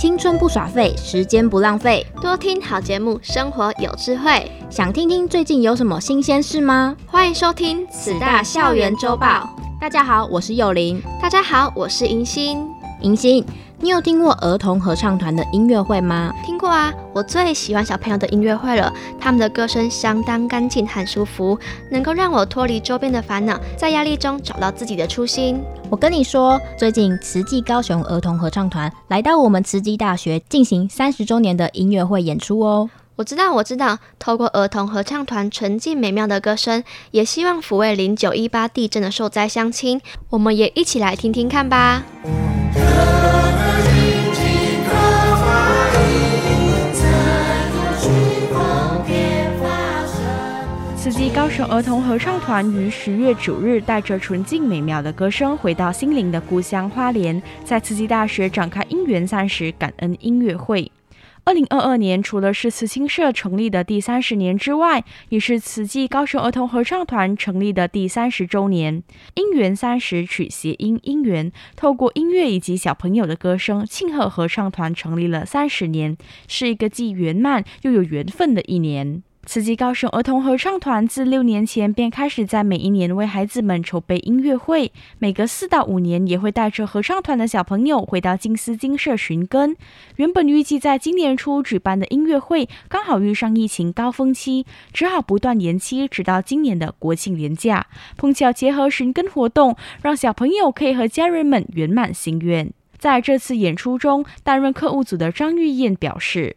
青春不耍廢，時間不浪費，多聽好節目，生活有智慧。想聽聽最近有什麼新鮮事嗎？歡迎收聽《慈大校園週報》。大家好，我是宥羚。大家好，我是盈欣。盈欣。你有聽過兒童合唱團的音樂會嗎？聽過啊，我最喜歡小朋友的音樂會了。他們的歌聲相當乾淨，很舒服，能夠讓我脫離周邊的煩惱，在壓力中找到自己的初心。我跟你說，最近慈濟高雄兒童合唱團來到我們慈濟大學進行三十周年的音樂會演出喔。我知道，我知道。透過兒童合唱團純淨美妙的歌聲，也希望撫慰零九一八地震的受災鄉親。我們也一起來聽聽看吧。慈濟高雄兒童合唱團於十月九日帶着純淨美妙的歌聲回到心靈的故鄉花蓮，在慈濟大學展開“音緣三十感恩音樂會”。二零二二年，除了是慈青社成立的第三十年之外，也是慈濟高雄兒童合唱團成立的第三十週年。“音緣三十”取諧音“姻緣”，透過音樂以及小朋友的歌聲，慶賀合唱團成立了三十年，是一個既圓滿又有緣分的一年。慈濟高雄兒童合唱團自六年前便開始在每一年為孩子們籌備音樂會，每隔四到五年也會帶着合唱團的小朋友回到靜思精舍尋根。原本預計在今年初舉辦的音樂會，剛好遇上疫情高峰期，只好不斷延期，直到今年的國慶連假，碰巧結合尋根活動，讓小朋友可以和家人們圓滿心願。在這次演出中，擔任客戶組的張玉燕表示。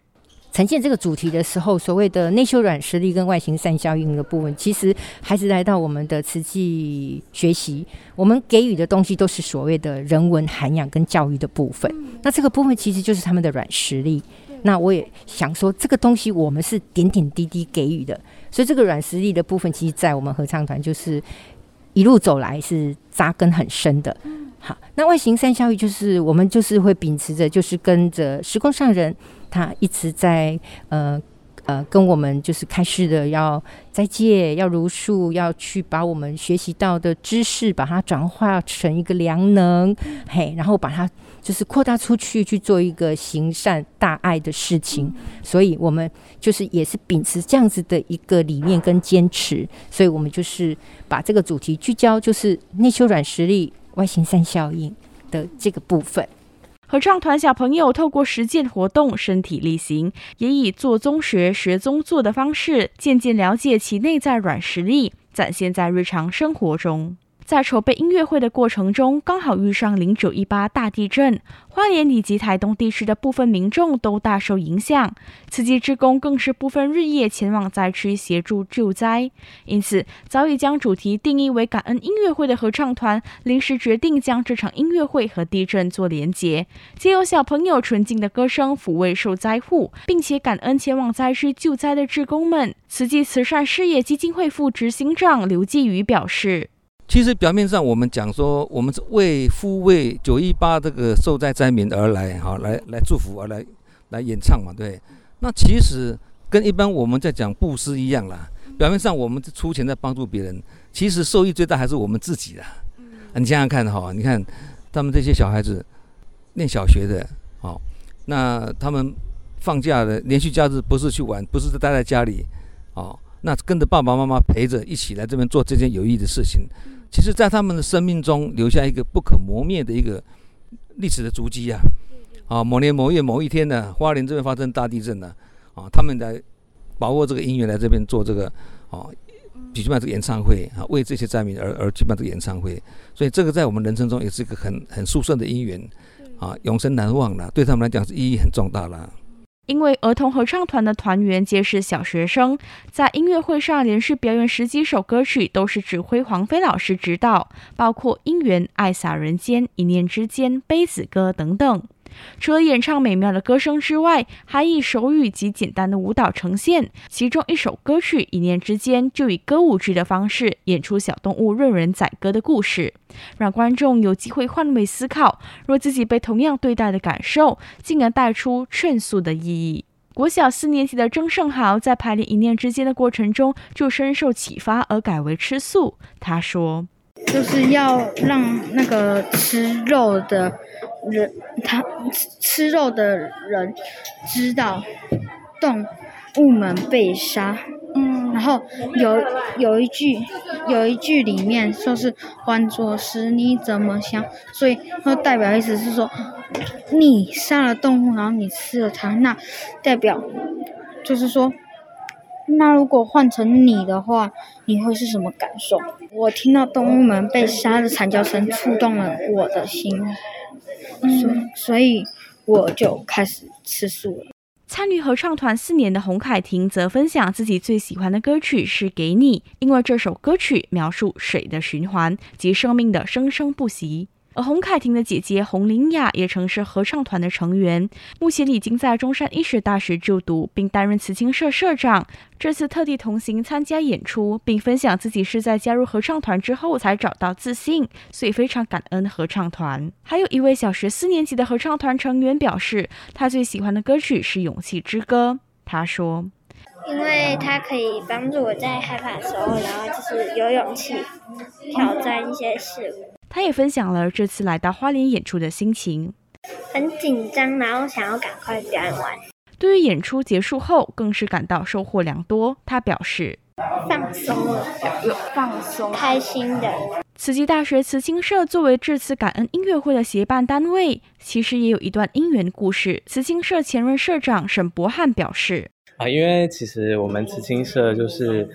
呈現這個主題的時候，所謂的內修軟實力跟外形善效應的部分，其實還是來到我們的實際學習。我們給予的東西都是所謂的人文涵養跟教育的部分。那這個部分其實就是他們的軟實力。那我也想說，這個東西我們是點點滴滴給予的，所以這個軟實力的部分，其實在我們合唱團就是一路走來是扎根很深的。好，那外形善效應就是我們就是會秉持着，就是跟着時空上人。他一直在呃呃跟我們就是開始的要再見，要如數要去把我們學習到的知識，把它轉化成一個良能，嗯、嘿，然後把它就是擴大出去，去做一個行善大愛的事情，所以我們就是也是秉持這樣子的一個理念跟堅持，所以我們就是把這個主題聚焦就是內修軟實力外行善效應的這個部分。合唱團小朋友透過實踐活動身體力行，也以做中學、學中做的方式，漸漸了解其內在軟實力，展現在日常生活中。在籌備音樂會的過程中，剛好遇上零九一八大地震，花蓮以及台東地區的部分民眾都大受影響。慈濟志工更是不分日夜前往災區協助救災，因此早已將主題定義為感恩音樂會的合唱團，臨時決定將這場音樂會和地震做連結，藉由小朋友純淨的歌聲撫慰受災戶，並且感恩前往災區救災的志工們。慈濟慈善事業基金會副執行長劉濟雨表示。其實表面上我們講說，我們是為撫慰九一八這個受災災民而來，哈，來來祝福而來，來演唱嘛，對。那其實跟一般我們在講布施一樣啦。表面上我們是出錢在幫助別人，其實受益最大還是我們自己的，啊。你想想看哈，哦，你看他們這些小孩子念小學的，好，那他們放假的連續假日不是去玩，不是待在家裡，哦，那跟着爸爸媽媽陪着一起來這邊做這件有意義的事情。其實，在他們的生命中留下一個不可磨滅的一個歷史的足跡啊！啊，某年某月某一天呢，啊，花蓮這邊發生大地震了啊，啊，他們來把握這個姻緣來這邊做這個啊舉辦這個演唱會啊，為這些災民而而舉辦這個演唱會，所以這個在我們人生中也是一個很很殊勝的因緣啊，永生難忘的，對他們來講是意義很重大了。因為兒童合唱團的團員皆是小學生，在音樂會上連續表演十幾首歌曲，都是指揮黃飛老師指導，包括《姻緣》、《愛灑人間》、《一念之間》、《杯子歌》等等。除了演唱美妙的歌聲之外，還以手語及簡單的舞蹈呈現。其中一首歌曲《一念之間》就以歌舞劇的方式演出小動物任人宰割的故事，讓觀眾有機會換位思考，若自己被同樣對待的感受，進而帶出勸素的意義。國小四年級的曾勝豪在排練《一念之間》的過程中，就深受啟發而改為吃素。他說。就是要讓那個吃肉的人，他吃吃肉的人知道，動物們被殺。嗯。然後有有一句，有一句裡面說是“換作是你怎麼想，所以那代表意思是說，你殺了動物，然後你吃了它，那代表就是說。那如果換成你的話，你會是什麼感受？我聽到動物們被殺的慘叫聲，觸動了我的心，所、嗯、所以我就開始吃素了。參與合唱團四年的洪凱婷則分享自己最喜歡的歌曲是《給你》，因為這首歌曲描述水的循環及生命的生生不息。而洪凱婷的姐姐洪林雅也曾是合唱團的成員，目前已經在中山醫學大學就讀，並擔任慈青社社長。這次特地同行參加演出，並分享自己是在加入合唱團之後才找到自信，所以非常感恩合唱團。還有一位小學四年級的合唱團成員表示，他最喜歡的歌曲是《勇氣之歌》。他說：“因為他可以幫助我在害怕的時候，然後就是有勇氣挑戰一些事物。”他也分享了這次來到花蓮演出的心情，很緊張，然後想要趕快表演完。對於演出結束後，更是感到收穫良多。他表示，放鬆了，又放鬆，放鬆開心的。慈濟大學慈青社作為這次感恩音樂會的協辦單位，其實也有一段因緣故事。慈青社前任社長沈博翰表示，啊，因為其實我們慈青社就是。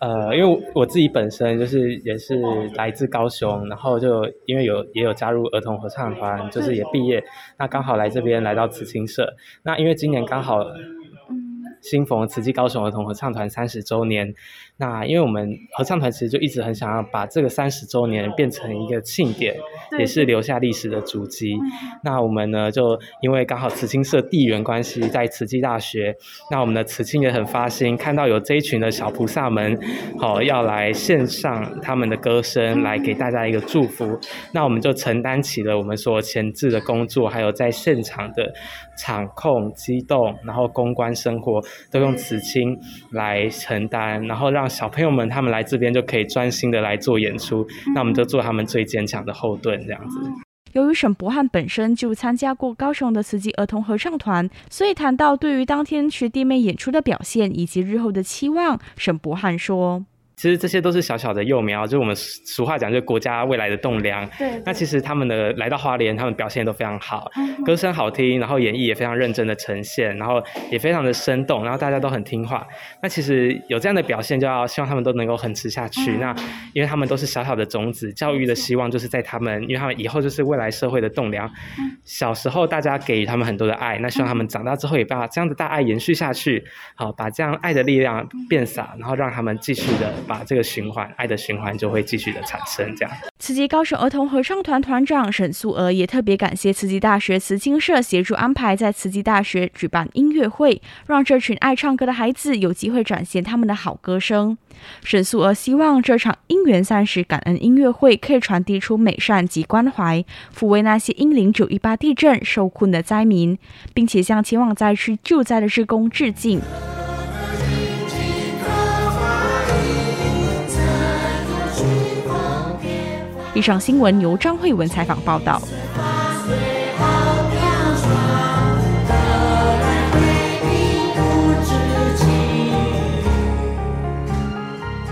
呃，因為我自己本身就是也是來自高雄，然後就因為有也有加入兒童合唱團，就是也畢業，那剛好來這邊來到慈青社，那因為今年剛好，欣逢慈濟高雄兒童合唱團三十週年。那因為我們合唱團其實就一直很想要把這個三十週年變成一個慶典，對對對，也是留下歷史的足跡。嗯、那我們呢，就因為剛好慈青社地緣關係在慈濟大學，那我們的慈青也很發心，看到有這一群的小菩薩們，好、哦、要來獻上他們的歌聲，來給大家一個祝福。嗯、那我們就承擔起了我們所前置的工作，還有在現場的場控、機動，然後公關、生活都用慈青來承擔，嗯、然後讓。小朋友們他們來這邊就可以專心的來做演出，那我們就做他們最堅強的後盾，這樣子、嗯。由於沈博漢本身就參加過高雄的慈濟兒童合唱團，所以談到對於當天學弟妹演出的表現以及日後的期望，沈博漢說。其實這些都是小小的幼苗，就是我們俗話講，就是國家未來的棟梁。對，對。那其實他們的來到花蓮，他們表現都非常好，歌聲好聽，然後演繹也非常認真的呈現，然後也非常的生動，然後大家都很聽話。那其實有這樣的表現，就要希望他們都能夠恆持下去。嗯、那因為他們都是小小的種子，嗯、教育的希望就是在他們，因為他們以後就是未來社會的棟梁。嗯、小時候大家給予他們很多的愛，那希望他們長大之後也把這樣的大愛延續下去。好，把這樣愛的力量遍灑，然後讓他們繼續的。把這個循環，愛的循環就會繼續的產生。這樣，慈濟高雄兒童合唱團團長沈素娥也特別感謝慈濟大學慈青社協助安排在慈濟大學舉辦音樂會，讓這群愛唱歌的孩子有機會展現他們的好歌聲。沈素娥希望這場“因緣三十感恩音樂會”可以傳遞出美善及關懷，撫慰那些因九一八地震受困的災民，並且向前往災區救災的志工致敬。以上新聞由張惠雯採訪報道。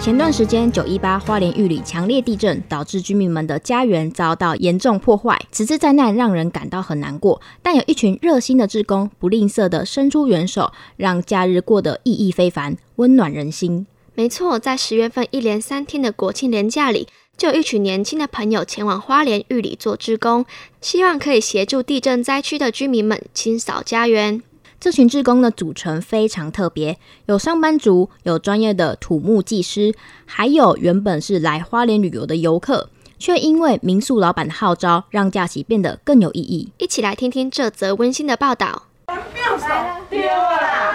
前段時間，九一八花蓮玉里強烈地震，導致居民們的家園遭到嚴重破壞。此次災難讓人感到很難過，但有一群熱心的志工不吝嗇的伸出援手，讓假日過得意義非凡，溫暖人心。沒錯，在十月份一連三天的國慶連假裡。就一群年輕的朋友前往花蓮玉裡做志工，希望可以協助地震災區的居民們清掃家園。這群志工的組成非常特別，有上班族，有專業的土木技師，還有原本是來花蓮旅遊的遊客，卻因為民宿老板的號召，讓假期變得更有意義。一起來聽聽這則溫馨的報道。了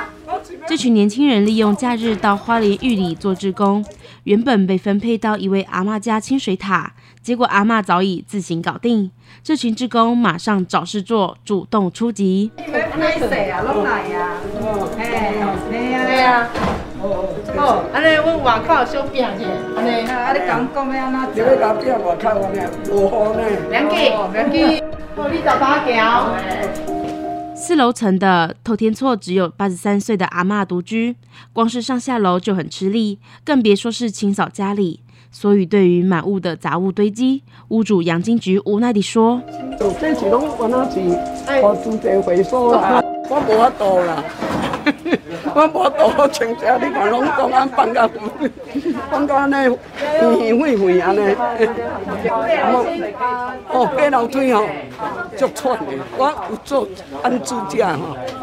這群年輕人利用假日到花蓮玉里做志工，原本被分配到一位阿嬤家清水塔，結果阿嬤早已自行搞定。這群志工馬上找事做，主動出擊。四樓層的透天厝只有八十三歲的阿嬤獨居，光是上下樓就很吃力，更別說是清掃家裡。所以對於滿屋的雜物堆積，屋主楊金菊無奈地說：“我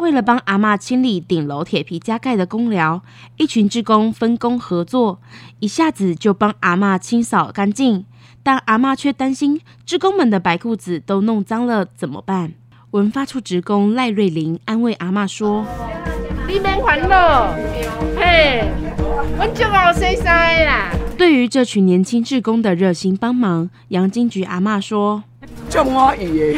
為了幫阿媽清理頂樓鐵皮加蓋的公寮，一群職工分工合作，一下子就幫阿媽清掃乾淨。但阿媽卻擔心職工們的白褲子都弄髒了怎麼辦？文發處職工賴瑞玲安慰阿媽說。對於這群年輕志工的熱心幫忙，楊金菊阿媽說：，還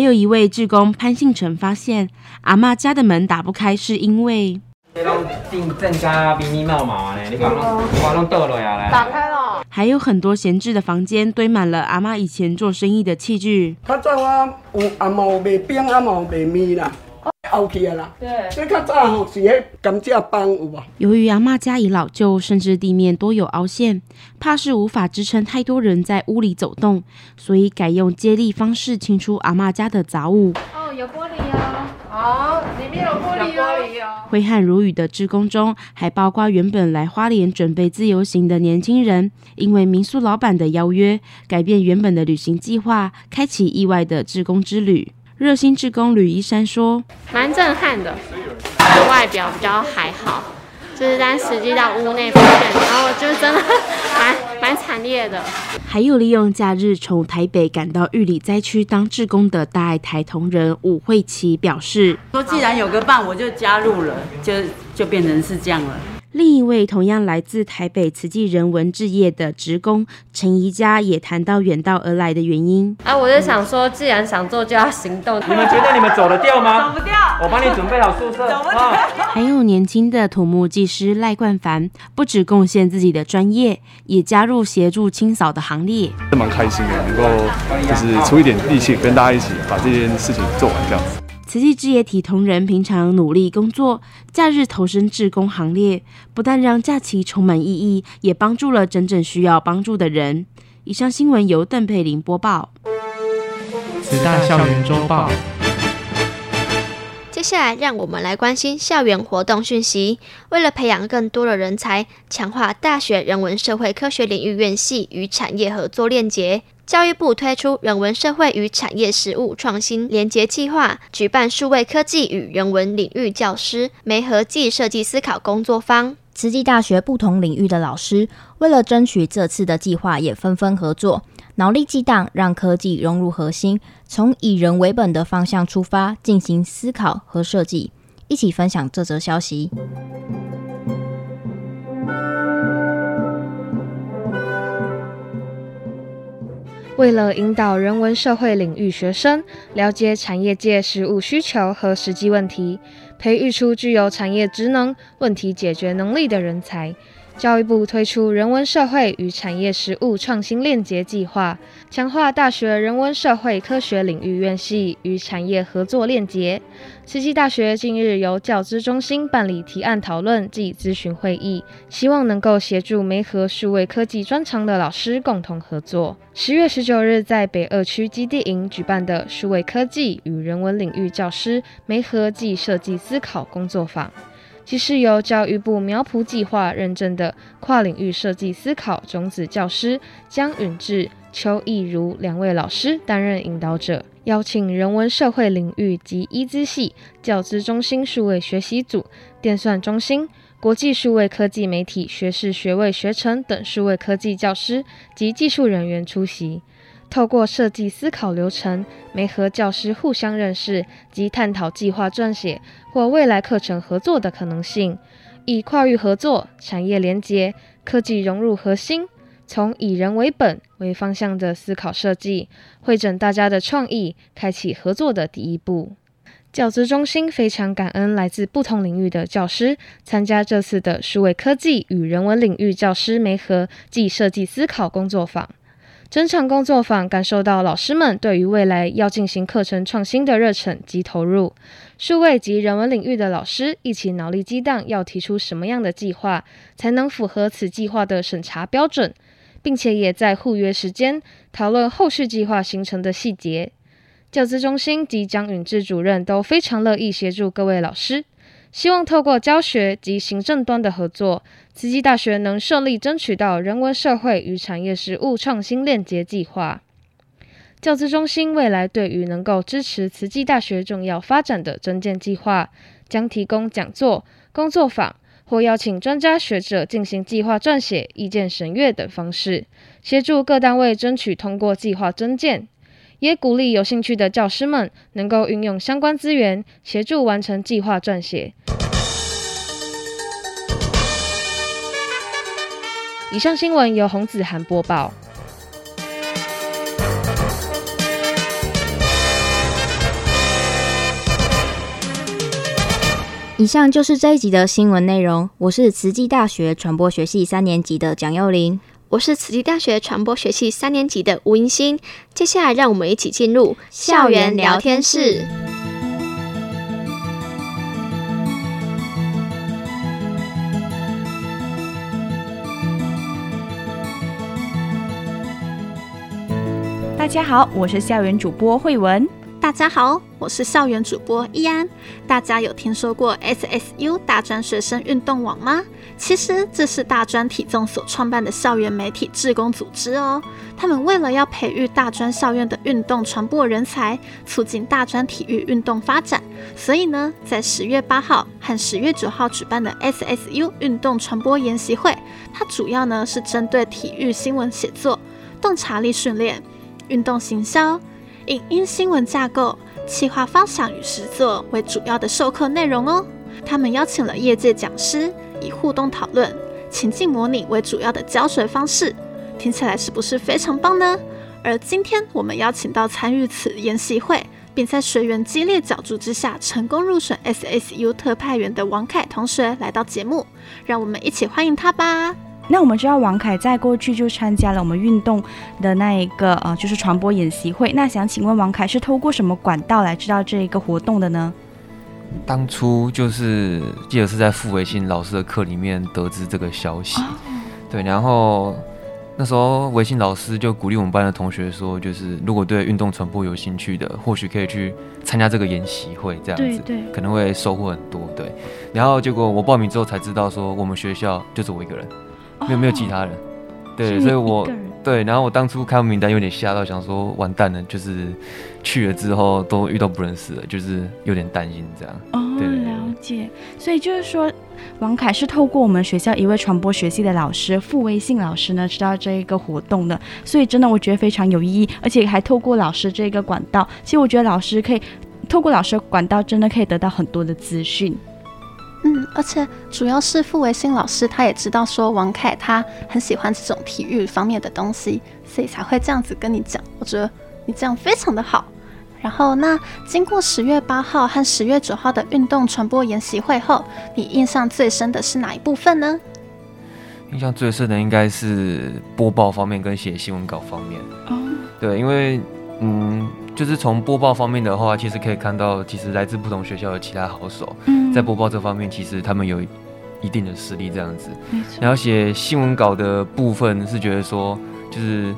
有一位志工潘信成發現阿媽家的門打不開，是因為：，還有很多閒置的房間，堆滿了阿媽以前做生意的器具。由於阿媽家已老舊，甚至地面多有凹陷，怕是無法支撐太多人在屋裡走動，所以改用接力方式清除阿媽家的雜物。哦，有玻璃哦。好，裡面有玻璃哦。揮汗、哦、如雨的志工中，還包括原本來花蓮準備自由行的年輕人，因為民宿老闆的邀約，改變原本的旅行計劃，開啟意外的志工之旅。熱心志工呂依山說：“蠻震撼的，的外表比較還好。”就是當時進到屋內發現，然後就真的蠻蠻慘烈的。還有利用假日從台北趕到玉里災區當志工的大愛台同仁伍慧琪表示：“說既然有個伴，我就加入了，就就變成是這樣了。”另一位同樣來自台北慈濟人文志業的職工陳怡佳也談到遠道而來的原因啊，我就想說，嗯、既然想做就要行動。你們覺得你們走得掉嗎？走不掉。我幫你準備好宿舍。走不掉。還有年輕的土木技師賴冠凡，不只貢獻自己的專業，也加入協助清掃的行列。這蠻開心的，能夠就是出一點力氣，跟大家一起把這件事情做完這樣子。慈濟志業體同仁平常努力工作，假日投身志工行列，不但讓假期充滿意義，也幫助了真正需要幫助的人。以上新聞由鄧珮林播報。慈大校園周報，接下來讓我們來關心校園活動訊息。為了培養更多的人才，強化大學人文社會科學領域院系與產業合作連結。教育部推出人文社會與產業實務創新聯結計劃，舉辦數位科技與人文領域教師媒合暨設計思考工作坊。慈濟大學不同領域的老師，為了爭取這次的計劃，也紛紛合作，腦力激盪，讓科技融入核心，從以人為本的方向出發進行思考和設計。一起分享這則消息。為了引導人文社會領域學生了解產業界實務需求和實際問題，培育出具有產業職能、問題解決能力的人才。教育部推出人文社會與產業實務創新鏈接計劃，強化大學人文社會科學領域院系與產業合作鏈接。慈濟大學近日由教資中心辦理提案討論暨諮詢會議，希望能夠協助媒合數位科技專長的老師共同合作。十月十九日在北二區基地營舉辦的數位科技與人文領域教師媒合暨設計思考工作坊。即是由教育部苗圃計劃認證的跨領域設計思考種子教師江允智、邱亦如兩位老師擔任引導者，邀請人文社會領域及醫資系教資中心數位學習組、電算中心、國際數位科技媒體學士學位學程等數位科技教師及技術人員出席。透過設計思考流程，媒合教師互相認識及探討計劃撰寫或未來課程合作的可能性，以跨域合作、產業連結、科技融入核心，從以人為本為方向的思考設計，彙整大家的創意，開啟合作的第一步。教資中心非常感恩來自不同領域的教師參加這次的數位科技與人文領域教師媒合暨設計思考工作坊。整場工作坊感受到老師們對於未來要進行課程創新的熱忱及投入，數位及人文領域的老師一起腦力激盪，要提出什麼樣的計劃才能符合此計劃的審查標準，並且也在互約時間討論後續計劃形成的細節。教資中心及江允志主任都非常樂意協助各位老師。希望透過教學及行政端的合作，慈濟大學能順利爭取到人文社會與產業實務創新鏈接計劃。教資中心未來對於能夠支持慈濟大學重要發展的增建計劃，將提供講座、工作坊或邀請專家學者進行計劃撰寫、意見審閱等方式，協助各單位爭取通過計劃增建。也鼓勵有興趣的教師們能夠運用相關資源，協助完成計劃撰寫。以上新聞由洪子涵播報。以上就是這一集的新聞內容。我是慈濟大學傳播學系三年級的蔣宥羚。我是慈濟大學傳播學系三年級的吳盈欣，接下來讓我們一起進入校園聊天室。大家好，我是校園主播惠雯。大家好，我是校園主播逸安。大家有聽說過 SSU 大專學生運動網嗎？其實這是大專體總所創辦的校園媒體志工組織哦。他們為了要培育大專校院的運動傳播人才，促進大專體育運動發展，所以呢，在十月八號和十月九號舉辦的 SSU 運動傳播研習會，它主要呢是針對體育新聞寫作、洞察力訓練、運動行銷。影音，音新聞架構、企劃方向與實作為主要的授課內容哦。他們邀請了業界講師，以互動討論、情境模擬為主要的教學方式。聽起來是不是非常棒呢？而今天我們邀請到參與此研習會，並在學員激烈角逐之下成功入選 SSU 特派員的王愷同學來到節目，讓我們一起歡迎他吧！那我們知道王凱在過去就參加了我們運動的那一個呃，就是傳播演習會。那想請問王凱是透過什麼管道來知道這一個活動的呢？當初就是記得是在傅維新老師的課裡面得知這個消息，oh. 對。然後那時候維新老師就鼓勵我們班的同學說，就是如果對運動傳播有興趣的，或許可以去參加這個演習會，這樣子，對對可能會收穫很多，對。然後結果我報名之後才知道說，我們學校就只有我一個人。沒有、oh, 沒有其他人，對，所以我對，然後我當初看名單有點嚇到，想說完蛋了，就是去了之後都遇到不認識的，就是有點擔心這樣。哦，oh, 了解，對所以就是說，王凱是透過我們學校一位傳播學系的老師傅威信老師呢，知道這一個活動的，所以真的我覺得非常有意義，而且還透過老師這個管道，其實我覺得老師可以透過老師管道真的可以得到很多的資訊。嗯，而且主要是傅維新老師，他也知道說王愷他很喜歡這種體育方面的東西，所以才會這樣子跟你講。我覺得你這樣非常的好。然後，那經過十月八號和十月九號的運動傳播研習會後，你印象最深的是哪一部分呢？印象最深的應該是播報方面跟寫新聞稿方面哦，對，因為嗯。就是從播報方面的話，其實可以看到，其實來自不同學校的其他好手，嗯、在播報這方面，其實他們有一定的實力。這樣子，沒錯。然後寫新聞稿的部分是覺得說，就是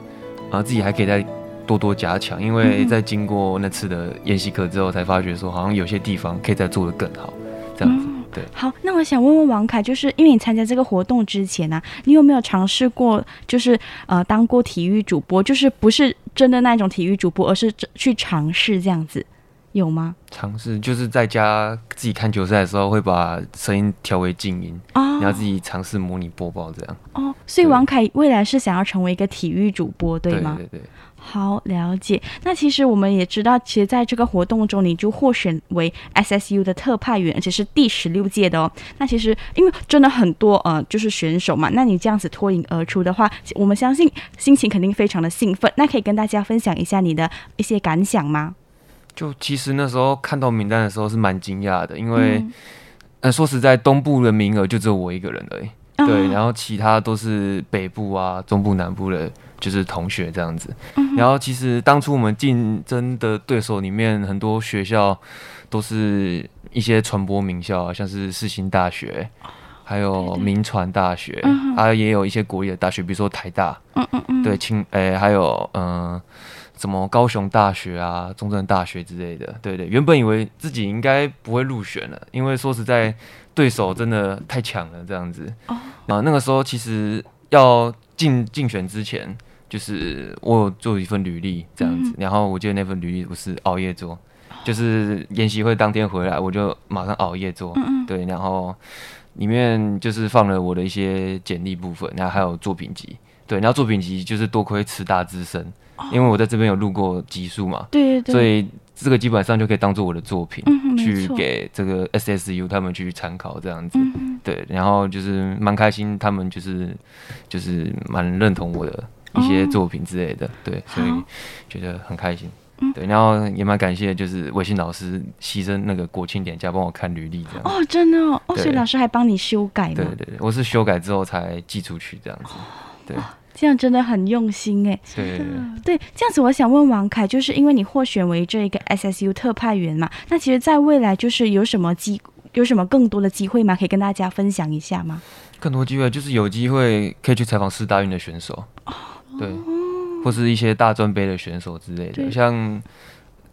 啊、呃，自己還可以再多多加強，因為在經過那次的研習課之後，才發覺說，好像有些地方可以再做得更好，這樣子。嗯對好，那我想問問王愷，就是因為你參加這個活動之前呢、啊，你有沒有嘗試過，就是呃，當過體育主播，就是不是真的那種體育主播，而是去嘗試這樣子，有嗎？嘗試就是在家自己看球賽的時候，會把聲音調為靜音，然後、哦、自己嘗試模擬播報這樣。哦，所以王愷未來是想要成為一個體育主播，對嗎？對對對。好，了解。那其實我們也知道，其實在這個活動中，你就獲選為 SSU 的特派員，而且是第十六屆的哦。那其實因為真的很多呃，就是選手嘛，那你這樣子脫穎而出的話，我們相信心情肯定非常的興奮。那可以跟大家分享一下你的一些感想嗎？就其實那時候看到名單的時候是蠻驚訝的，因為嗯、呃，說實在，東部的名額就只有我一個人而已，啊、對，然後其他都是北部啊、中部、南部的。就是同學這樣子，嗯、哼然後其實當初我們競爭的對手裡面，很多學校都是一些傳播名校，啊，像是世新大學，還有銘傳大學，對對對啊，也有一些國立的大學，比如說台大，嗯嗯，嗯對，清，欸、還有嗯、呃，什麼高雄大學啊，中正大學之類的，對對，對，原本以為自己應該不會入選了，因為說實在，對手真的太強了，這樣子，那、哦、啊，那個時候其實要競競選之前。就是我有做一份履歷這樣子，嗯、哼然後我記得那份履歷我是熬夜做，嗯、哼就是研習會當天回來，我就馬上熬夜做。嗯，嗯對，然後裡面就是放了我的一些簡歷部分，然後還有作品集。對，然後作品集就是多虧慈大之聲，哦、因為我在這邊有錄過集數嘛。對對、對，所以這個基本上就可以當做我的作品、嗯、哼去給這個 SSU 他們去參考這樣子。嗯、哼對，然後就是蠻開心，他們就是就是蠻認同我的。一些作品之類的，哦、對，所以覺得很開心，嗯、對，然後也蠻感謝，就是微信老師犧牲那個國慶點假幫我看履歷這樣。哦，真的哦，對哦，所以老師還幫你修改嗎？對對對，我是修改之後才寄出去這樣子，對，哦、這樣真的很用心哎，對對,對,對，這樣子我想問王凱，就是因為你獲選為這一個 SSU 特派員嘛，那其實在未來就是有什麼機，有什麼更多的機會嗎可以跟大家分享一下嗎？更多機會就是有機會可以去採訪四大運的選手。對，或是一些大專杯的選手之類的，對像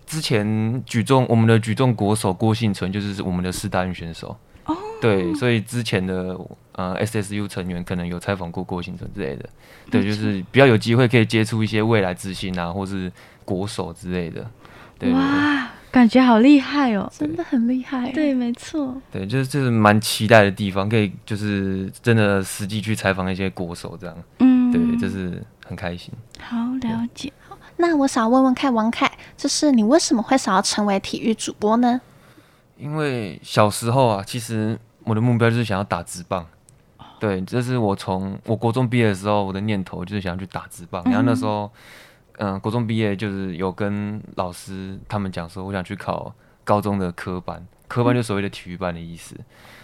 之前舉重，我們的舉重國手郭婞淳就是我們的四大運選手。Oh. 對，所以之前的呃 SSU 成員可能有採訪過郭婞淳之類的，對，錯就是比較有機會可以接觸一些未來之星啊，或是國手之類的。對對對哇，感覺好厲害哦，對真的很厲害。對，沒錯。對，就是就是蠻期待的地方，可以就是真的實際去採訪一些國手這樣。嗯,嗯，對，就是。很開心，好了解。對那我想問問看，王愷，就是你為什麼會想要成為體育主播呢？因為小時候啊，其實我的目標就是想要打職棒。哦、對，這是我從我國中畢業的時候，我的念頭就是想要去打職棒。嗯、然後那時候，嗯、呃，國中畢業就是有跟老師他們講說，我想去考高中的科班。科班，就所謂的體育班的意思，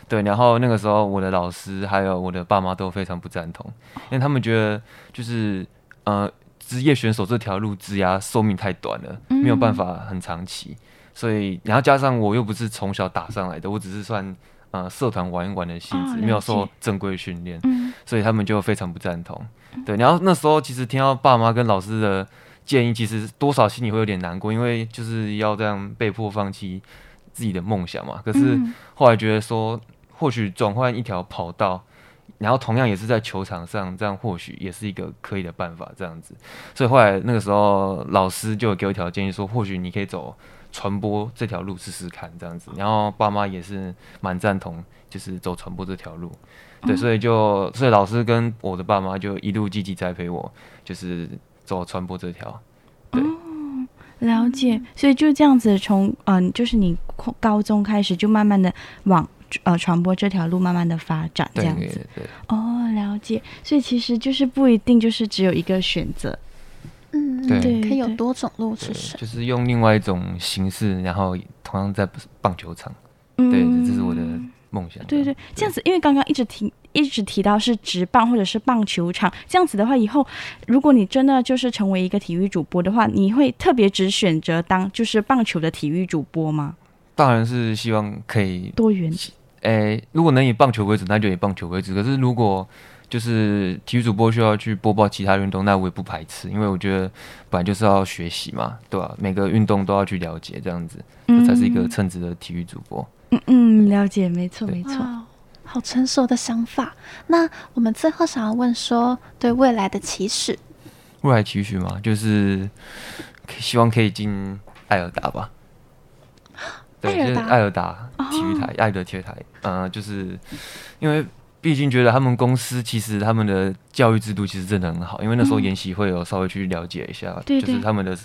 對，然後那個時候我的老師還有我的爸媽都非常不贊同，因為他們覺得就是呃職業選手這條路職涯壽命太短了，沒有辦法很長期，所以然後加上我又不是從小打上來的，我只是算呃社團玩一玩的性質，沒有說正規訓練，所以他們就非常不贊同，對，然後那時候其實聽到爸媽跟老師的建議，其實多少心裡會有點難過，因為就是要這樣被迫放棄。自己的夢想嘛，可是後來覺得說，或許轉換一條跑道，然後同樣也是在球場上，這樣或許也是一個可以的辦法，這樣子。所以後來那個時候，老師就給我一條建議說，說或許你可以走傳播這條路試試看，這樣子。然後爸媽也是蠻贊同，就是走傳播這條路。對，所以就，所以老師跟我的爸媽就一路積極栽培我，就是走傳播這條。對、哦，了解。所以就這樣子，從、呃、嗯，就是你。高中開始就慢慢的往呃傳播這條路慢慢的發展這樣子哦，對對對 oh, 了解。所以其實就是不一定就是只有一個選擇，嗯，對，可以有多種路子，就是用另外一種形式，然後同樣在棒球場，嗯，對，這是我的夢想。對，對對，對這樣子，因為剛剛一直提一直提到是職棒或者是棒球場這樣子的話，以後如果你真的就是成為一個體育主播的話，你會特別只選擇當就是棒球的體育主播嗎？當然是希望可以多元。誒，如果能以棒球為主，那就以棒球為主。可是如果就是體育主播需要去播報其他運動，那我也不排斥，因為我覺得本來就是要學習嘛，對吧、啊？每個運動都要去了解，這樣子，這、嗯、才是一個稱職的體育主播。嗯對嗯，了解，沒錯沒錯對、哦。好成熟的想法。那我們最後想要問說，對未來的期許？未來期許嘛，就是希望可以進愛爾達吧。愛爾達體育台，oh. 愛德體育台，嗯、呃，就是因為畢竟覺得他們公司其實他們的教育制度其實真的很好，因為那時候研習會有稍微去了解一下，嗯、就是他們的，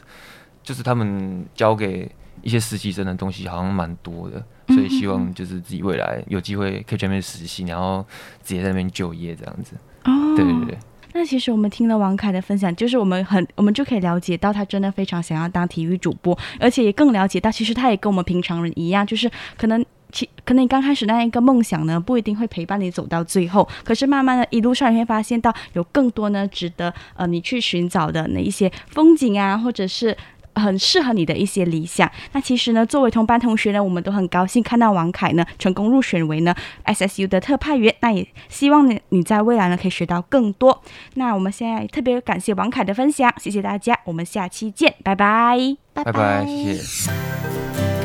就是他們教給一些實習生的東西好像蠻多的，所以希望就是自己未來有機會可以去那邊實習，然後直接在那邊就業這樣子，oh. 對對對。那其實我們聽了王愷的分享，就是我們很，我們就可以了解到，他真的非常想要當體育主播，而且也更了解到，其實他也跟我們平常人一樣，就是可能其，可能你剛開始那一個夢想呢，不一定會陪伴你走到最後，可是慢慢的，一路上你會發現到有更多呢，值得呃你去尋找的那一些風景啊，或者是。很適合你的一些理想。那其實呢，作為同班同學呢，我們都很高興看到王凱呢成功入選為呢 SSU 的特派員。那也希望呢你在未來呢可以學到更多。那我們現在特別感謝王凱的分享，謝謝大家，我們下期見，拜拜，拜拜，謝謝，謝謝。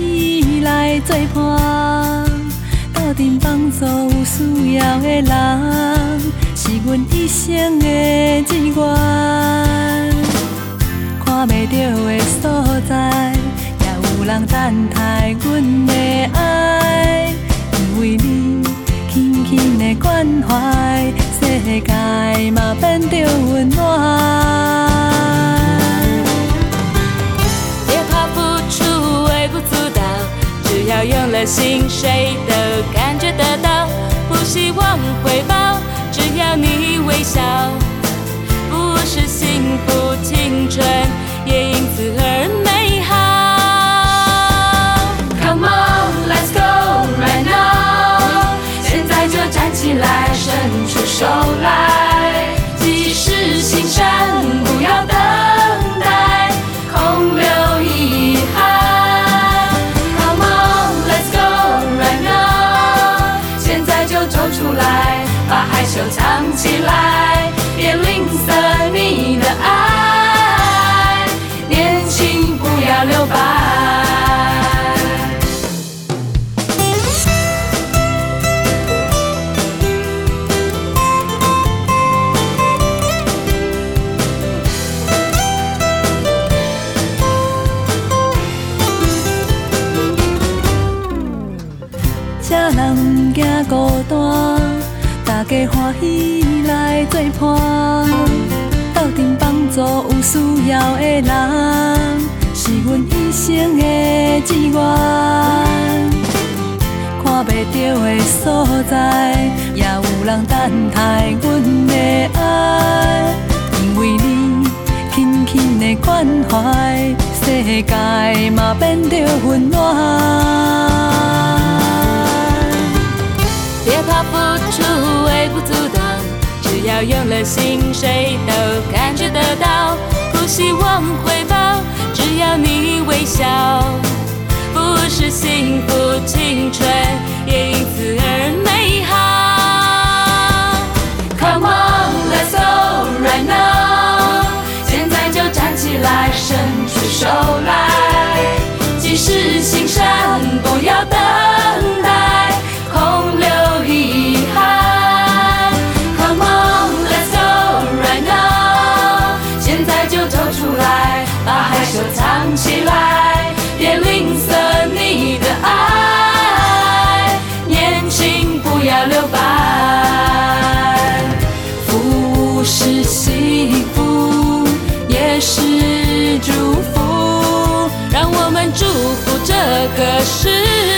依賴作伴，鬥陣幫助有需要的人，是阮一生的志願。看袂著的所在，也有人等待阮的愛。因為你輕輕的關懷，世界嘛變著溫暖。用了心，誰都感覺得到。不希望回報，只要你微笑。不是幸福青春，也因此而美好。Come on, let's go right now！現在就站起來，伸出手來。即使心酸，不要等。都藏起來，別吝嗇你的愛，年輕不要留白。加歡喜來做伴，鬥陣幫助有需要的人，是阮一生的志願。看袂到的所在，也有人等待阮的愛。因為你輕輕的關懷，世界嘛變著溫暖。怕付出微不足道，只要用了心，誰都感覺得到。不希望回報，只要你微笑，不是幸福青春，也因此而美好。Come on. 是。